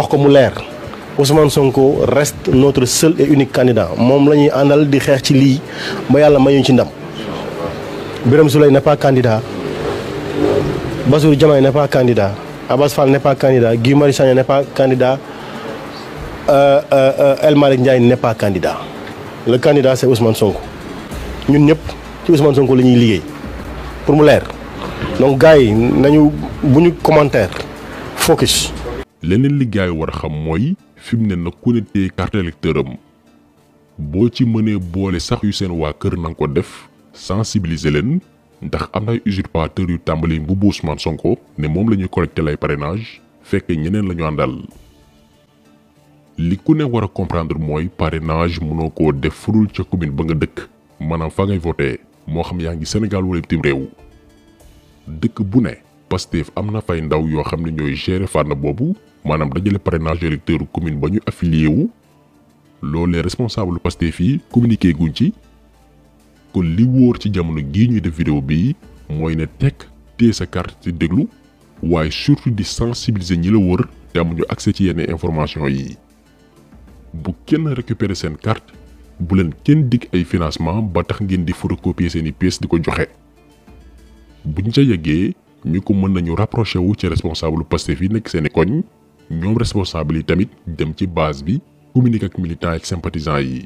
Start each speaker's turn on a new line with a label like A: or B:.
A: Je comme Ousmane Sonko reste notre seul et unique candidat Mon lañuy andal di xeex ci li ba yalla mayu ci ndam Birame n'est pas candidat Bassirou Diamay n'est pas candidat Abass Fall n'est pas candidat Guy Marius n'est pas candidat euh, euh, euh, El Malik Ndiaye n'est pas candidat le candidat c'est Ousmane Sonko ñun ñep ci Ousmane Sonko la lié. liggéey pour mu donc gars yi nañu buñu commentaire focus leneen li
B: war a xam mooy fi mu ne nag ku ne téye carte am boo ci mënee boole sax yu seen waa kër nanga ko def sensibiliser leen ndax am na ay yu tàmbali mbubbu Ousmane Sonko ne moom la ñuy collecté lay parrainage fekk ñeneen la ñu àndal li ku ne war a comprendre mooy parrainage mënoo ko def furul ca commune ba nga dëkk maanaam fa ngay voté moo xam yaa ngi Sénégal wala bitim réew dëkk bu ne Pastef am na fay ndaw yoo xam ne ñooy gérer fànn boobu maanaam dajale parrainage électeur commune ba ñu affilié wu loolee responsable Pastef yi communiqué guñ ci kon li wóor ci jamono gii ñuy def vidéo bii mooy ne tekk téye sa carte ci déglu waaye surtout di sensibiliser ñi la wër te amuñu accès ci yenn information yi bu kenn récupérer seen carte bu leen kenn dig ay financement ba tax ngeen di photocopier seen i pièces di ko joxe buñ ca yeggee ñu ko mën nañu rapproché wu ci responsable Pastef yi nekk seeni koñ ñoom responsable yi tamit dem ci base bi communiquer ak militants ak sympathisants yi.